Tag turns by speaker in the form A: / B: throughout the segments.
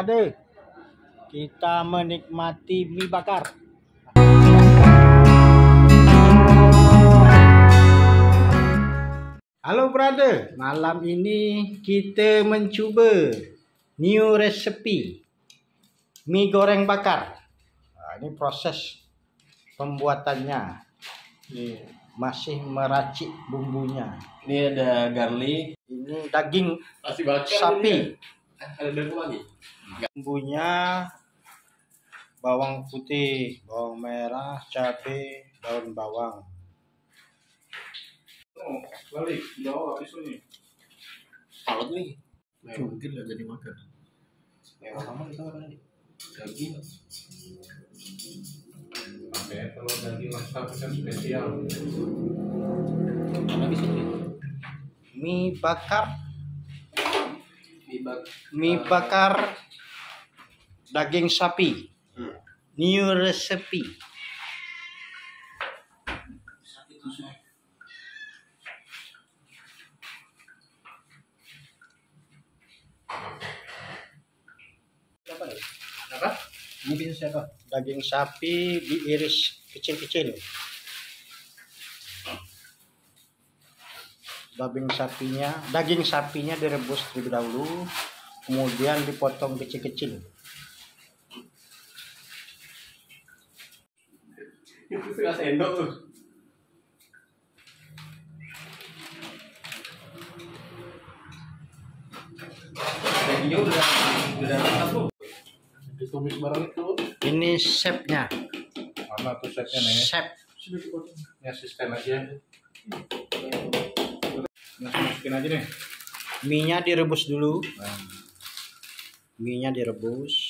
A: ada kita menikmati mie bakar. Halo brother malam ini kita mencuba new recipe mie goreng bakar. Nah, ini proses pembuatannya. ini masih meracik bumbunya. Ini ada garlic. Ini daging sapi. Ya? Ada Bumbunya bawang putih, bawang merah, cabe daun bawang. Oh, balik, jauh oh, habis ini. Palut nih. Nah, mungkin nggak jadi makan. ya sama kita makan daging. Oke, kalau daging masak kan spesial. Apa lagi sih? Mie bakar. Mie, bak mie bakar daging sapi hmm. new recipe Daging sapi diiris kecil-kecil. Daging sapinya, daging sapinya direbus terlebih dahulu, kemudian dipotong kecil-kecil. Itu Ini shape-nya. Mana tuh shape-nya nih? Shape. Ya sistem aja. Nah, masukin aja nih. Mie-nya direbus dulu. Nah. Mie-nya direbus.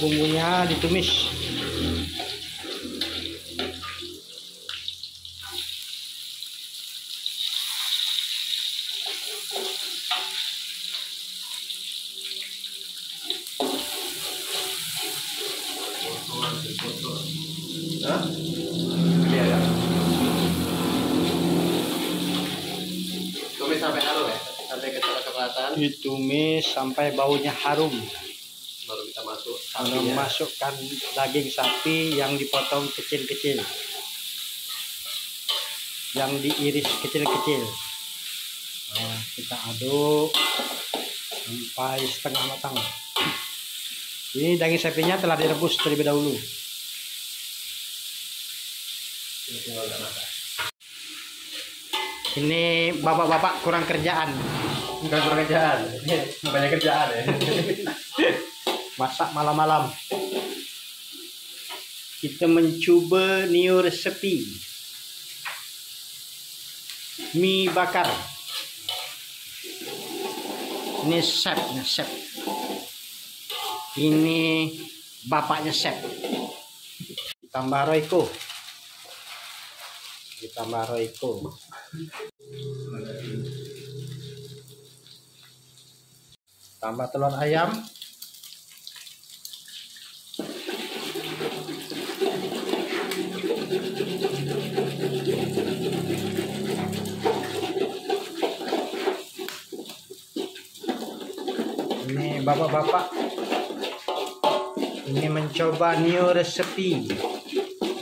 A: bumbunya ditumis Hah? Iya ya. Tumis sampai harum ya, sampai kecoklatan. Ditumis sampai baunya harum lalu iya. daging sapi yang dipotong kecil-kecil yang diiris kecil-kecil nah, kita aduk sampai setengah matang ini daging sapinya telah direbus terlebih dahulu ini bapak-bapak kurang kerjaan bukan kurang kerjaan banyak kerjaan ya masak malam-malam kita mencuba new resepi mi bakar ini ini chef. ini bapaknya sep tambah roiko ditambah roiko tambah telur ayam bapak ini mencoba new recipe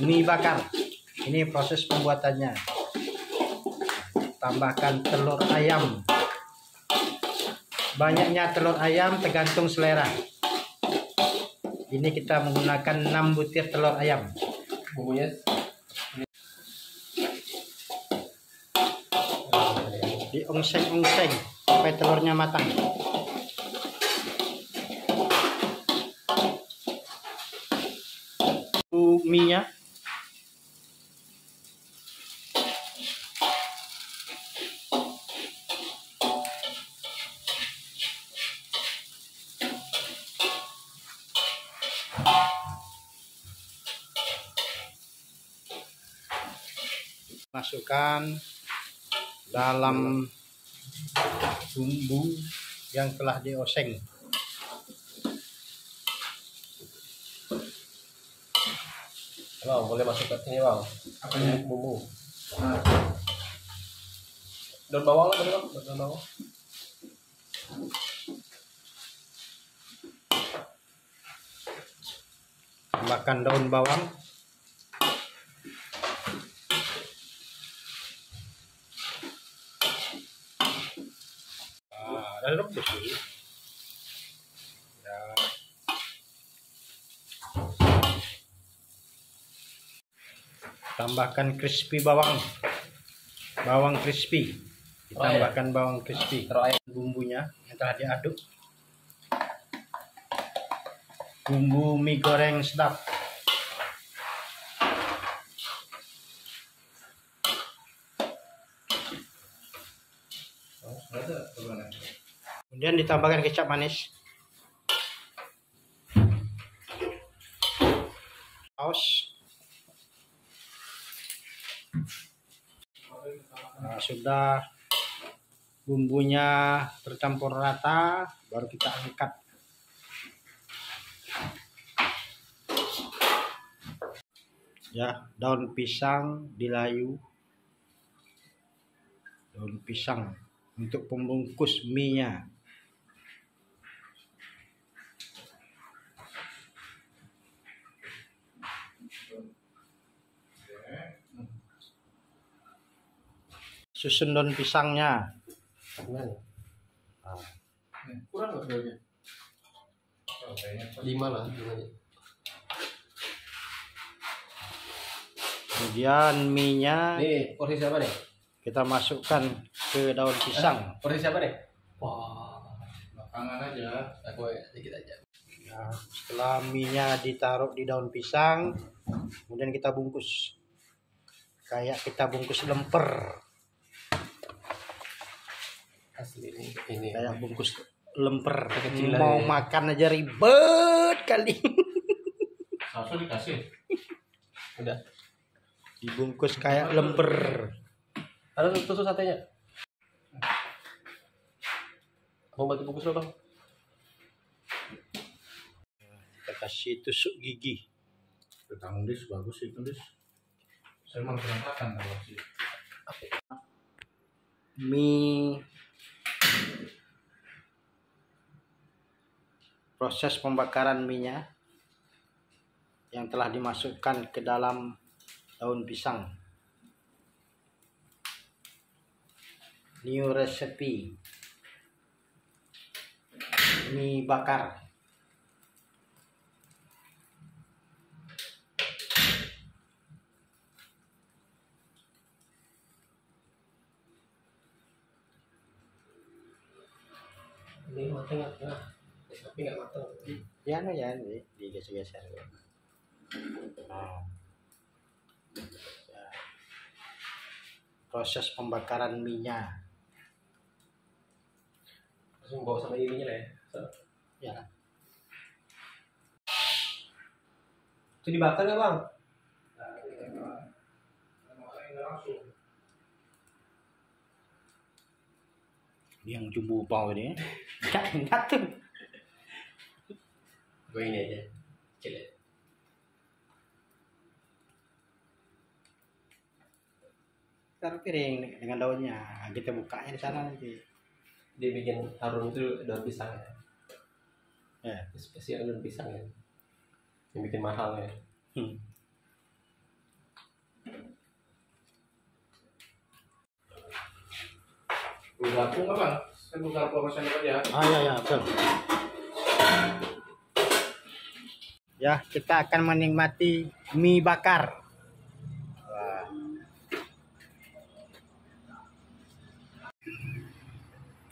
A: mie bakar ini proses pembuatannya tambahkan telur ayam banyaknya telur ayam tergantung selera ini kita menggunakan 6 butir telur ayam bumbunya di ongseng sampai telurnya matang mie-nya. Masukkan dalam bumbu yang telah dioseng. Bang, boleh masuk ke sini bang. Apanya? Bumbu. Nah. Daun bawang lah bang, daun bawang. Tambahkan daun bawang. ah dah rebus tambahkan crispy bawang bawang crispy ditambahkan oh, iya. bawang crispy ah, bumbunya yang telah diaduk bumbu mie goreng sedap oh, kemudian ditambahkan kecap manis saus nah, sudah bumbunya tercampur rata baru kita angkat ya daun pisang dilayu daun pisang untuk pembungkus mie nya susun daun pisangnya ah. kurang nggak sebenarnya oh, lima lah kemudian minyak nih porsi siapa nih kita masukkan ke daun pisang eh, porsi siapa nih wah belakangan aja aku sedikit ya, aja nah, setelah minyak ditaruh di daun pisang kemudian kita bungkus kayak kita bungkus lemper asli ini, ini kayak ya? bungkus lemper mau ya. makan aja ribet kali
B: sausnya dikasih
A: udah dibungkus kayak lemper ada tusuk satenya mau bantu bungkus lo bang kita kasih tusuk gigi tentang dis bagus itu dis saya mau berantakan kalau sih mie proses pembakaran minyak yang telah dimasukkan ke dalam daun pisang. New recipe mie bakar. Ini mau tengah-tengah tapi nggak matang ya no anu ya di geser geser ya. nah ya. proses pembakaran minyak langsung bawa sama ininya lah ya so. ya itu dibakar nggak bang nah, yang jumbo bau ini, enggak enggak tuh gue ini aja kecil ya taruh piring dengan daunnya kita bukanya di sana nanti dia bikin harum itu daun pisang ya yeah. spesial daun pisang ya yang bikin mahal ya hmm. Udah aku nggak bang? Saya buka profesional aja. Ah ya ya, betul ya kita akan menikmati mie bakar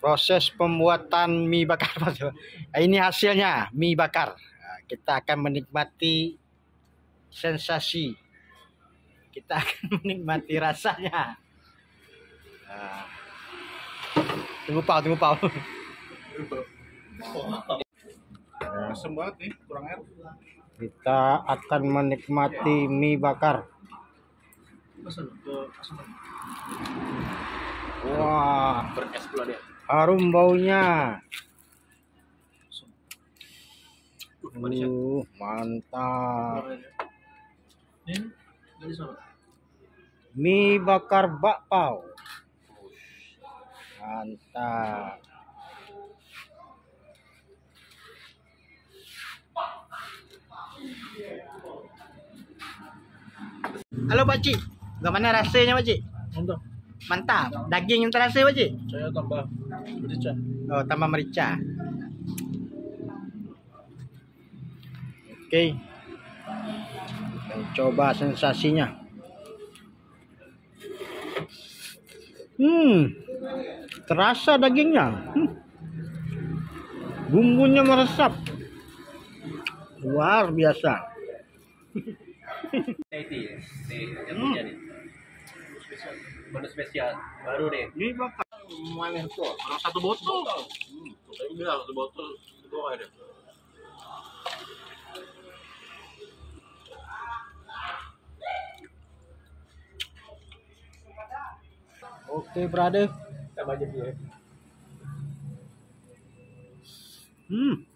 A: proses pembuatan mie bakar ini hasilnya mie bakar kita akan menikmati sensasi kita akan menikmati rasanya tunggu pau tunggu pau Asem nih, kurang air kita akan menikmati mie bakar wah harum baunya uh mantap mie bakar bakpao mantap Halo Pak Cik, gimana rasanya Pak Cik? Mantap. Mantap. Daging yang terasa Pak Cik? Saya tambah merica. Oh, tambah merica. Oke. Okay. coba sensasinya. Hmm. Terasa dagingnya. Hmm. Bumbunya meresap. Luar biasa. Hmm. baru deh. Ini bakal mana satu botol. Hmm, satu botol itu ada. Oke, brother. Sama aja dia. Hmm.